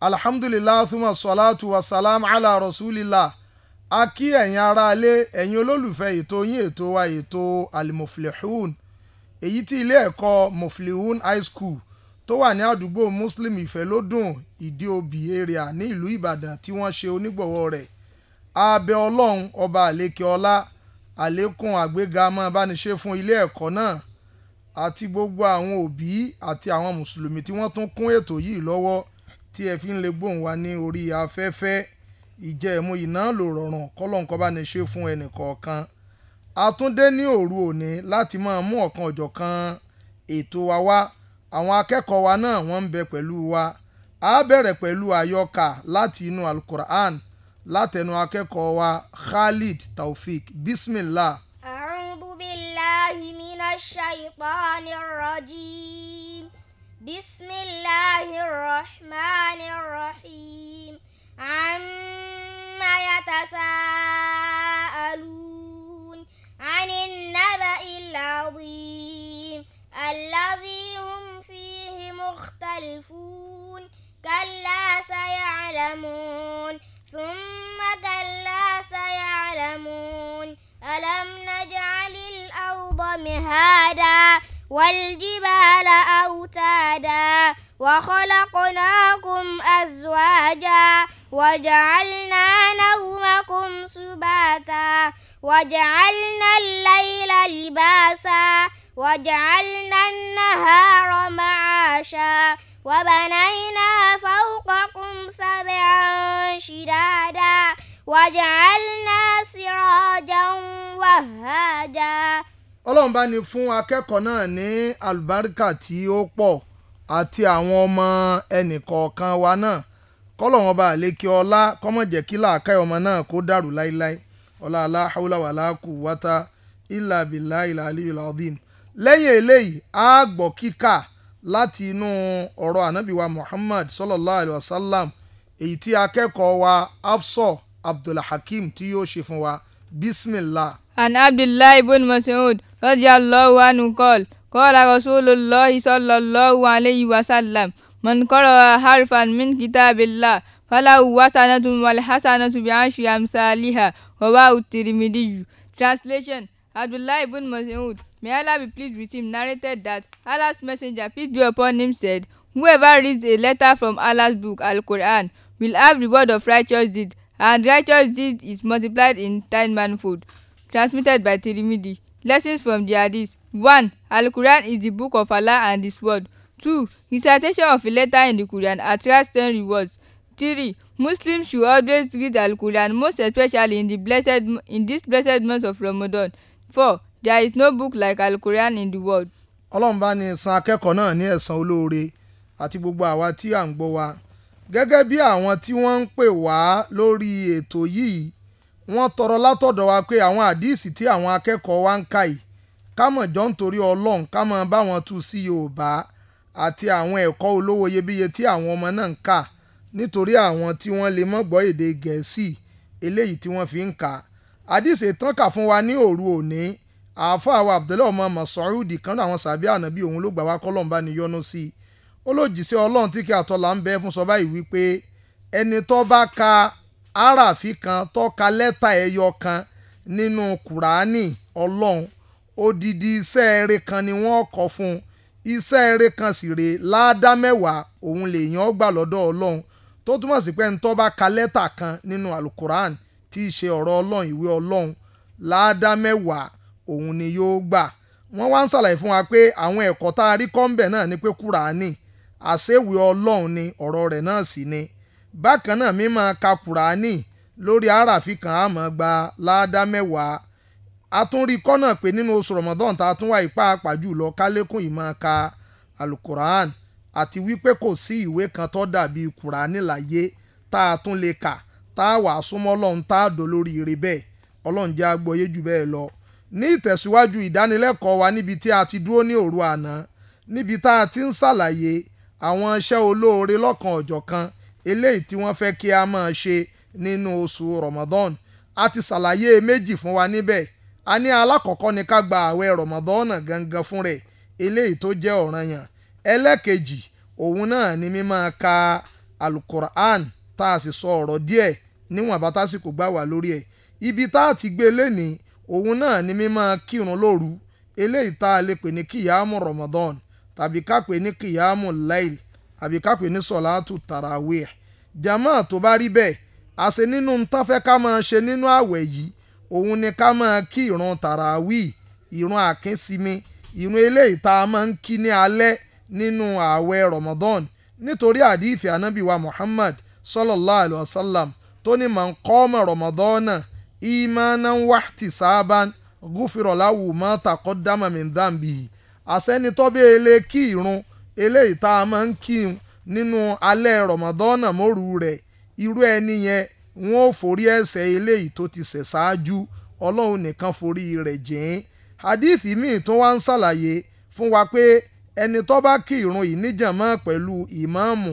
alhamdulilah thumma salatu wa salam ala rasulillah a kí ẹ̀yin aráalé ẹ̀yin olólùfẹ́ ètò yín ètò wa ètò almuflihun èyí tí ilé ẹ̀kọ́ muflihun high school tó wà ní àdúgbò muslim ìfẹ́lódùn ìdíòbí area ní ìlú ìbàdàn tí wọ́n ṣe onígbọ̀wọ́ rẹ̀ abẹ ọlọ́run ọba àlékè ọlá àlékún àgbéga mọ́ abániṣe fún ilé ẹ̀kọ́ náà àti gbogbo àwọn òbí àti àwọn mùsùlùmí tí wọ́n tún kún ètò yìí lọ́wọ́ tí ẹ fi ń lè gbóhùn wa ní orí afẹ́fẹ́ ìjẹ́ ìmú iná lò rọrùn kọ́lọ́nkọ́ bá ní ṣe fún ẹnì kọ̀ọ̀kan àtúndé ní òru òní láti máa mú ọ̀kan ọ̀jọ̀kan ètò wa wá àwọn akẹ́kọ̀ọ́ wa náà wọ́n ń bẹ pẹ̀lú wa a bẹ̀rẹ̀ pẹ̀lú àyọkà láti inú alukur'an látẹnu akẹ́kọ̀ọ́ wa khalid taofik bismillah. a'udhu billahi minash shaitanir rajim. بسم الله الرحمن الرحيم عما يتساءلون عن النبأ العظيم الذي هم فيه مختلفون كلا سيعلمون ثم كلا سيعلمون ألم نجعل الأرض مهادا والجبال أوتادا وخلقناكم أزواجا وجعلنا نومكم سباتا وجعلنا الليل لباسا وجعلنا النهار معاشا وبنينا فوقكم سبعا شدادا وجعلنا سراجا وهاجا ọlọ́run bá ní fún akẹ́kọ̀ọ́ náà ní àlùbáríkà tí ó pọ̀ àti àwọn ọmọ ẹnìkọ̀ọ̀kan wa náà kọ́lọ́run ọba àlékè ọlá kọ́mọ̀jẹ̀ kí làákàyè ọmọ náà kó dàrú láíláí ọlá aláhàúlà wàláàkú wátá ìlà bìlà ìlà àlíyù làdìm lẹ́yìn eléyìí a gbọ́ kíkà láti inú ọ̀rọ̀ ànábìwa Muhammad sallallahu alayhi wa sallam èyí tí akẹ́kọ̀ọ́ wa Afsọ Abdulhakeem tí yóò ṣe fún wa bismillah. عن عبد الله بن مسعود رضي الله عنه قال قال رسول الله صلى الله عليه man من harfan min kitabillah, falahu الله فله وسنة والحسنة بعشر أمثالها رواه الترمذي Translation Abdullah ibn Mas'ud, may Allah be pleased with him, narrated that Allah's messenger, peace be upon him, said, Whoever reads a letter from Allah's book, Al-Quran, will have reward of righteous deed, and righteous deed is multiplied in ten manifold transmitted by Tirmidhi. Lessons from the Hadith One, Al-Quran is the book of Allah and His word. Two, Recitation of a letter in the Quran attracts ten rewards. Three, Muslims should always read Al-Quran most especially in the blessed in this blessed month of Ramadan. Four, There is no book like Al-Quran in the world. Ọlọ́run bá ní san akẹ́kọ̀ọ́ náà ní ẹ̀san olóore àti gbogbo àwa tí à ń gbọ́ wa gẹ́gẹ́ bí àwọn tí wọ́n ń pè wá lórí ètò yìí wọ́n tọrọ látọ̀dọ̀ wa pé àwọn àdíìsì tí àwọn akẹ́kọ̀ọ́ wa ń kà yìí kámọ̀ jọ ń torí ọlọ́run kámọ̀ bá wọn tú sí yorùbá àti àwọn ẹ̀kọ́ olówó iyebíye tí àwọn ọmọ náà ń kà nítorí àwọn tí wọ́n lè mọ́ gbọ́ èdè gẹ̀ẹ́sì eléyìí tí wọ́n fi ń kà àdíìsì tán kà fún wa ní òru òní àáfàá wa abdullahi ọmọ masoud kan àwọn sàbí ànábì òun ló gbà wá kọ́lọ́mbà ní yọ́nú sí i ó lòdì sí ọlọ́run tí kí àtọ́là ń bẹ fún sọ báyìí wípé ẹni tó bá ka àràfin kan tọ́ka lẹ́tà ẹyọ kan nínú kùránì ọlọ́run odidi iṣẹ́ eré kan ni wọ́n kọ fún un iṣẹ́ eré kan sì rèé láàdá mẹ́wàá òun lèèyàn gbà lọ́dọ̀ ọlọ́run tó túmọ̀ sí pé ntọ́ bá ka lẹ́tà kan nínú alukuran tí í ṣe ọ̀rọ̀ ọlọ́run ìwé ọlọ́run láàdá mẹ́wàá òun ni yóò gbà wọ́n wá ń ṣàlàyé fún wa pé àwọn ẹ̀kọ́ tá a rí kọ́ńbẹ̀ náà ni pé kúránì àṣewé ọlọ́run ni ọ̀rọ̀ rẹ̀ náà sì ni bákan náà mímọ́ ka kùránì lórí àràfin kan á máa gba láàdá mẹ́wàá a tún rí kọ́nà pé nínú oṣù Ramadan tá a tún wà ipá pàjù lọ kálékùn ìmọ̀ ka alukur'an àti wípé kò sí ìwé kan tó dàbí kùránì láyé tá a tún lè kà tá a wàá súnmọ́ ọlọ́run tá a dò lórí ire bẹ́ẹ̀ ọlọ́run jẹ́ agbóyé jù bẹ́ẹ̀ lọ ní ìtẹ̀síwájú ìdánilẹ́kọ̀ọ́ wa níbi tí a ti dúró ní òru àná níbi tá a ti ń ṣàlàyé àwọn iṣẹ́ olóore lọ́kan ọ̀jọ̀kan eléyìí tí wọ́n fẹ́ kí a máa ṣe nínú oṣù Ramadan a ti ṣàlàyé méjì fún wa níbẹ̀ a ní alákọ̀ọ́kọ́ ni ká gba àwẹ̀ Ramadan gangan fún rẹ̀ eléyìí tó jẹ́ ọ̀ranyàn ẹlẹ́kejì òun náà ni mímọ́ ka alukur'an tá a sì sọ ọ̀rọ̀ díẹ̀ níwọ̀n bá tásìkò gbà wá lórí ẹ̀ ibi tá a ti gbé e lénìí òun náà ni mímọ́ kírun lóru eléyìí tá a lè pè ní kìyàmù Ramadan tàbí ká pè ní kìyàmù lail àbí ká pè ní sọ̀láàtù tarawih jàmọ́ tó bá rí bẹ́ẹ̀ àṣẹ nínú tán fẹ́ ká máa ṣe nínú àwẹ̀ yìí òun ni ká máa kí ìrun tàràwí ìrun àkínsimi ìrun eléyìí tá a máa ń kí ní alẹ́ nínú ààwẹ̀ Ramadan nítorí àdìsí ànábì wa Muhammad sallallahu alayhi wa sallam tó ní man qama Ramadana imanan wahtisaban gufira lahu ma taqaddama min dhanbihi àṣẹ ni tọ́bẹ̀ ele kí ìrun eléyìí tá a máa ń kí ìrun nínú alẹ́ rọ̀mọ́dọ́nà mọ́rù rẹ̀ irú ẹni yẹn wọn ò forí ẹ̀ṣẹ̀ eléyìí tó ti ṣẹ̀ ṣáájú ọlọ́run nìkan forí rẹ̀ jìn hadithi míì tó wá ń ṣàlàyé fún wa pé ẹni tó bá kí irun yìí níjàmọ́ pẹ̀lú ìmáàmù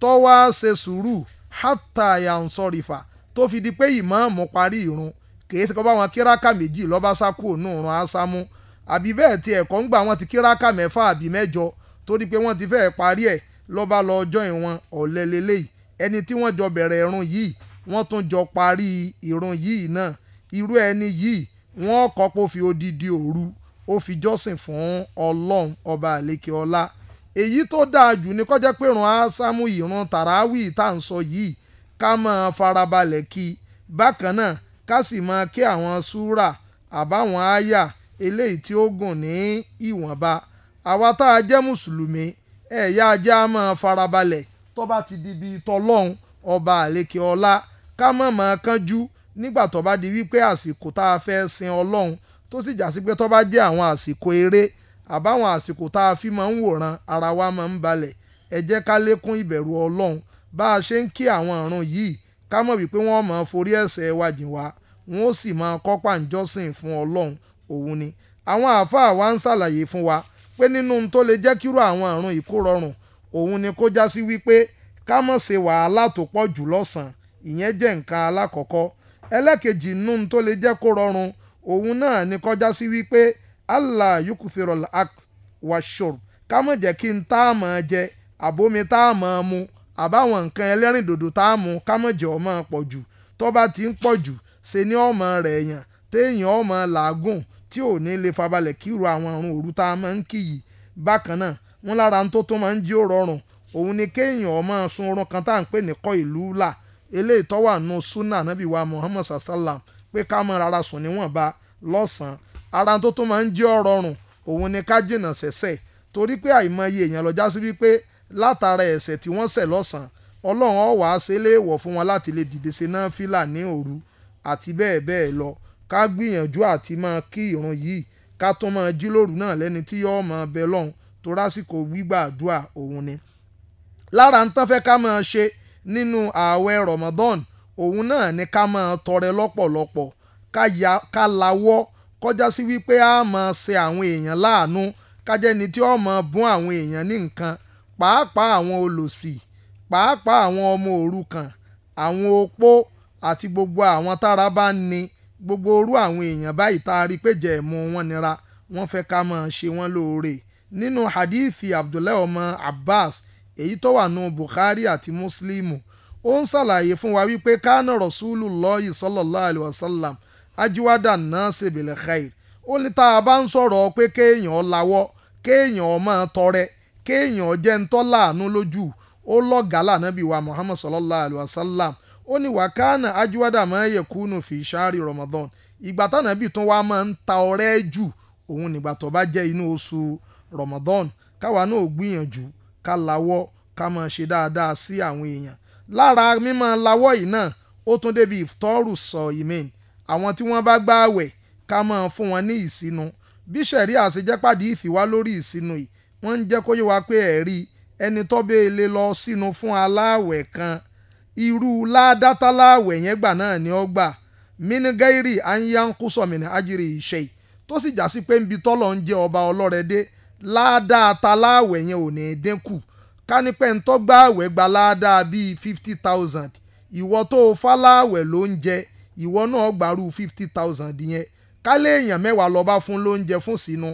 tó wá ṣe sùúrù hátà yansọ́rìfà tó fi di pé ìmáàmù parí irun kìí ṣe kó bá wọn kíráka méjì lọ́ba sákú òun òun ásámú àbí bẹ́ẹ̀ tí ẹ̀kọ́ ń gbà wọn ti kíráka mẹ́fà àbí mẹ́jọ torí pé wọ́n ti fẹ́ẹ́ parí ẹ̀ ló bá lọ ọjọ́ ìwọ̀n ọ̀lẹ́ lélẹ́yìí ẹni tí wọ́n jọ bẹ̀rẹ̀ irun yìí wọ́n tún jọ parí irun yìí náà irú ẹni yìí wọ́n kọ́pọ̀ fi odidi òru ó fi jọ́sìn fún ọlọ́run ọba àlékè ọlá èyí tó dáa jù ní kọjá pé ìrun ásámù ìrun tàràwì tá à ń sọ yìí ká máa farabalẹ̀ kí bákan náà ká sì máa kí àwọn súrà àbáwọn àyà eléyìí tí ó gùn ní ìwọ̀nba àwa tá a jẹ́ mùsùlùmí ẹ̀yà ajá máa farabalẹ̀ tó bá ti di bíi tọlọ́hún ọba àlekè ọlá ká má máa kánjú nígbà tó bá di wípé àsìkò tá a fẹ́ sin ọlọ́hun tó sì jà sí pé tó bá jẹ́ àwọn àsìkò eré àbáwọn àsìkò tá a fi máa ń wòran ara wa máa ń balẹ̀ ẹ jẹ́ ká lékún ìbẹ̀rù ọlọ́hun bá a ṣe ń kí àwọn ìrun yìí ká mọ̀ wípé wọ́n máa forí ẹ̀ṣẹ̀ wa jìn wá wọ́n ó sì máa kọ́ pàǹjọ́sìn fún ọlọ́hun òun ni àwọn àáfàá wa ń ṣàlàyé fún wa pé nínú ohun tó lè jẹ́ kírú àwọn àrùn yìí òun ni kó já sí wípé ká má ṣe wàhálà tó pọ̀ jù lọ́sàn-án ìyẹn jẹ́ nǹkan alákọ̀ọ́kọ́ ẹlẹ́kejì nínú ohun tó lè jẹ́ kó rọrùn òun náà ni kọjá sí wípé allah yukufirol ak washor ká jẹ́ kí n tá a jẹ tá a mu àbáwọn nǹkan tá a ti ń pọ̀ jù ṣe ni ó rẹ̀ tí ò ní lè f'abalẹ̀ kí àwọn ọ̀run òru tá a máa ń kí bákan náà wọn lára ń tó tó máa jí ó rọrùn òun ni kéèyàn ọmọ sun kan tá à ń pè ní kọ́ ìlú là eléyìí tó wà nù wa muhammad sallam pé ká rárá ara tó tó máa ń jí ni ká jìnà torí pé àìmọye èèyàn lọ jásí wípé látara ẹ̀sẹ̀ tí wọ́n lọ́sàn-án ọlọ́run wá fún wọn láti lè ká gbìyànjú àti máa kí ìrun yìí ká tún máa jí lóru náà lẹ́ni tí yóò máa bẹ lọ́hùn tó rásìkò gbígbàdúrà òun ni. lára ń tán fẹ́ ká máa ṣe nínú ààwẹ̀ Ramadan òun náà ni ká máa tọrẹ lọ́pọ̀lọpọ̀ ká lawọ́ kọjá sí wípé a máa ṣe àwọn èèyàn láàánú kájẹ́ni tí ó máa bùn àwọn èèyàn ní nǹkan pàápàá àwọn olòṣì pàápàá àwọn ọmọ òrukàn àwọn opó àti gbogbo àwọn tára bá ń ni gbogbo orú àwọn èèyàn báyìí tá a rí pé jẹ́ ẹ̀mú wọn nira wọ́n fẹ́ ká máa ṣe wọ́n lóore nínú hadithi abdullahi ọmọ abbas èyí tó wà nù bukhari àti muslimu ó ń ṣàlàyé fún wa wípé kánà rasulullah sallallahu alayhi wa sallam ajiwada nasi bil khair ó ní tá a bá ń sọ̀rọ̀ pé kéèyàn lawọ́ kéèyàn máa tọrẹ kéèyàn jẹ́ ń tọ́ láàánú lójú ó lọ́gàá lànà bí wa muhammad sallallahu alayhi wa sallam ó ní wàkánà ajíwádà máa yẹ kúnnù fi ṣáàrì Ramadan ìgbà tánà bíi tún wá máa ń ta ọrẹ́ jù òun nígbà tó bá jẹ́ inú oṣù Ramadan káwa náà gbìyànjú ká lawọ́ ká máa ṣe dáadáa sí àwọn èèyàn lára mímọ́ lawọ́ yìí náà ó tún débi ìtọ́rù sọ ìmẹ́ìn àwọn tí wọ́n bá gbààwẹ̀ ká máa fún wọn ní ìsinu bí sẹ̀rí àṣejẹ́pàdé ìfìwá lórí ìsinu yìí wọ́n ń jẹ́ kó yé wa pé ẹ̀rí ẹni tó bẹ́ẹ̀ lè lọ sínú fún aláàwẹ̀ kan irú ládátàláwẹ̀ yẹn gba náà ni ó gbà mínigẹ́rì anyankusọ̀mìnì ajiri ìṣe tó sì já sí pé nbi tọ́lọ̀ ń jẹ ọba ọlọ́rẹ̀dé ládátàláwẹ̀ yẹn ò ní dínkù kánípẹ́ ń tọ́gbà àwẹ̀ gba ládàá bíi fifty thousand ìwọ tó o ló ń jẹ ìwọ náà gbàrú fifty thousand yẹn kálẹ̀ èèyàn mẹ́wàá lọ́ba fún lóúnjẹ fún sínú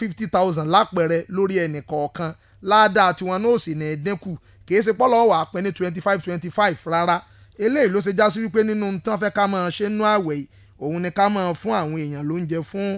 fifty thousand lápẹ̀rẹ̀ lórí ẹnì kọ̀ọ̀kan kì í ṣe pọ́lọ́ wà pín ní twenty five twenty five rárá eléyìí ló ṣe já sí wípé nínú tán fẹ́ ká máa ṣe nú àwẹ̀ yìí òun ni ká máa fún àwọn èèyàn lóúnjẹ fún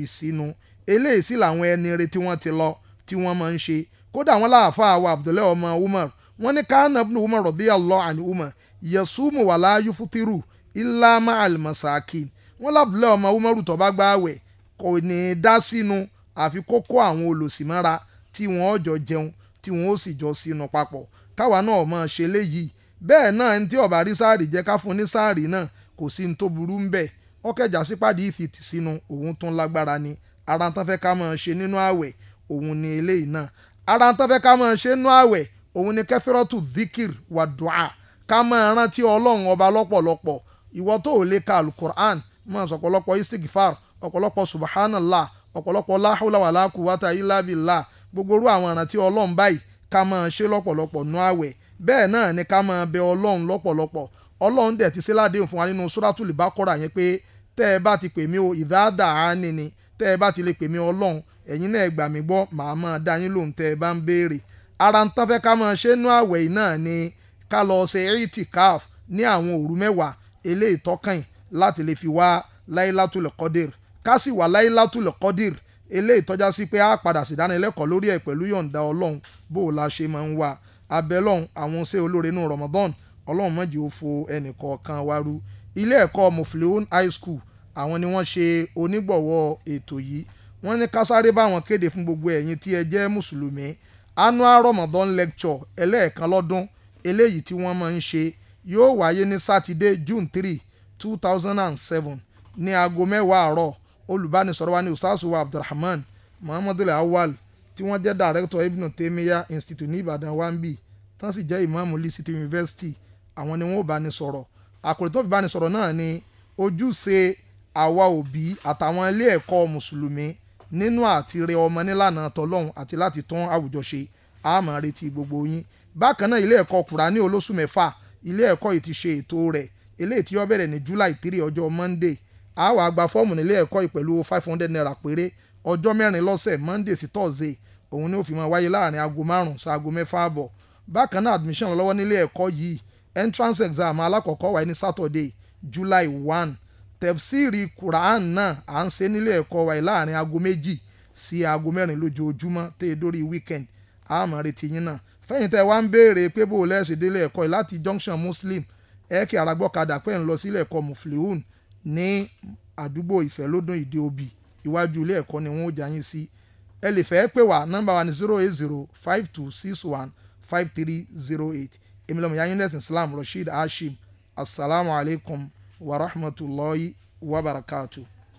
ìsinu eléyìí sì làwọn ẹni re tí wọ́n ti lọ tí wọ́n máa ń ṣe kódà wọn láàfà àwọn Abdullahi ọmọ Umar wọn ní káànà ibn Umar radiyallahu anhu Umar yasumu wala yufutiru illa ma'al masakin wọn lábùlẹ̀ ọmọ Umaru tó bá gba àwẹ̀ kò ní í dá sínú àfi kókó àwọn olòṣì mọ́ra tí wọ́n jọ jẹun tí wọ́n ó sì jọ sínú papọ̀ káwa náà mọ̀ ṣe léyìí bẹ́ẹ̀ náà ní tí ọ̀bà rí sáàrì jẹ́ ká fún ní sáàrì náà kò sí ní tó burú ń bẹ̀ ọ̀kẹ́jà sípàdé ìfìtì sínú òun tún lágbára ni ara tán fẹ́ ká máa ṣe nínú ààwẹ̀ òun ni eléyìí náà ara tán fẹ́ ká máa ṣe nínú ààwẹ̀ òun ni kẹfìrọ́tù zikir wà dùà ká máa rántí ọlọ́run ọba lọ́pọ̀lọpọ̀ ìwọ tó ò lè ka alukur'an máa sọ ọ̀pọ̀lọpọ̀ istigfar ọ̀pọ̀lọpọ̀ subhanallah ọ̀pọ̀lọpọ̀ láhùlà wàlá kùwátà ilá gbogbo orú àwọn ìrántí ọlọ́run báyìí ká máa ṣe lọ́pọ̀lọpọ̀ nú àwẹ̀ bẹ́ẹ̀ náà ni ká máa bẹ ọlọ́run lọ́pọ̀lọpọ̀ ọlọ́run dẹ̀ ti síládéhùn fún wa nínú sóràtúlì bá kọ́ra yẹn pé tẹ́ ẹ bá ti pè mí o ìdáàdà á ní ni tẹ́ ẹ bá ti lè pè mí ọlọ́run ẹ̀yin náà gbà mí gbọ́ màá máa dá yín lóhùn tẹ́ ẹ bá ń béèrè ara ń tán fẹ́ ká máa ṣe nú àwẹ̀ yìí náà ni ká lọ ṣe itikaf ní àwọn òru mẹ́wàá eléyìí tọ́kàn láti lè fi wá láìlátùlẹ̀ kọ́dìr ká sì wà láìlátùlẹ̀ kọ́dìr eléyìí tọ́já sí pé a padà sí ìdánilẹ́kọ̀ọ́ lórí ẹ̀ pẹ̀lú yọ̀ǹda ọlọ́run bó o la ṣe máa ń wa abẹ́lọ́run àwọn ṣé olóore inú Ramadan ọlọ́run mọ̀jì ó fo ẹnìkọ̀ọ̀kan wa ru ilé ẹ̀kọ́ Mufliun High School àwọn ni wọ́n ṣe onígbọ̀wọ́ ètò yìí wọ́n ní ká sáré bá wọn kéde fún gbogbo ẹ̀yin tí ẹ jẹ́ mùsùlùmí annual Ramadan lecture ẹlẹ́ẹ̀kan lọ́dún eléyìí tí wọ́n máa ń ṣe yóò wáyé ní sátidé June three two thousand and seven ní aago mẹ́wàá àárọ̀ olùbánisọ̀rọ̀ wa ní usaasu wa abdulrahman muhammadu awal tí wọ́n jẹ́ dàrẹ́tọ̀ ibn temiya institute ní ìbàdàn wambi tán sì jẹ́ ìmáàmù lee city university àwọn ni wọ́n ò bá ní sọ̀rọ̀ àkòrí tó fi bá ní sọ̀rọ̀ náà ni ojúṣe àwa òbí àtàwọn ilé ẹ̀kọ́ mùsùlùmí nínú àti rẹ ọmọ nílànà tọlọ́hún àti láti tán àwùjọ ṣe a máa retí gbogbo yín bákan náà ilé ẹ̀kọ́ kùránì olóṣù mẹ́fà ilé ẹ̀kọ́ yìí ti ṣe ètò rẹ̀ eléyìí tí yọ bẹ̀rẹ̀ ní july three ọjọ́ monday a wàá gba fọ́ọ̀mù nílé ẹ̀kọ́ yìí pẹ̀lú five hundred naira péré ọjọ́ mẹ́rin lọ́sẹ̀ monday sí thursday òun ni ó fi máa wáyé láàrin aago márùn-ún sáago mẹ́fà àbọ̀ bákan náà admission lọ́wọ́ nílé ẹ̀kọ́ yìí entrance exam alákọ̀ọ́kọ́ wáyé ní saturday july one tẹ̀fsíìrì quran náà à ń ṣe nílé ẹ̀kọ́ wáyé láàrin aago méjì sí aago mẹ́rin lójoojúmọ́ tẹ́ ẹ dórí weekend retí yín náà junction muslim ẹ̀ kí pẹ́ ń lọ ní àdúgbò ìfẹ́lódùn ìdí òbí iwájú ilé ẹ̀kọ́ ni wọ́n ó jayín sí ẹ lè fẹ́ pè wá nọ́mbà wa ní zero eight zero five two six one five three zero eight èmi lọ́mọ yayín lẹ́sìn Islam Rasheed Hashim asalaamualeykum wa rahmatulahi wa barakatuh.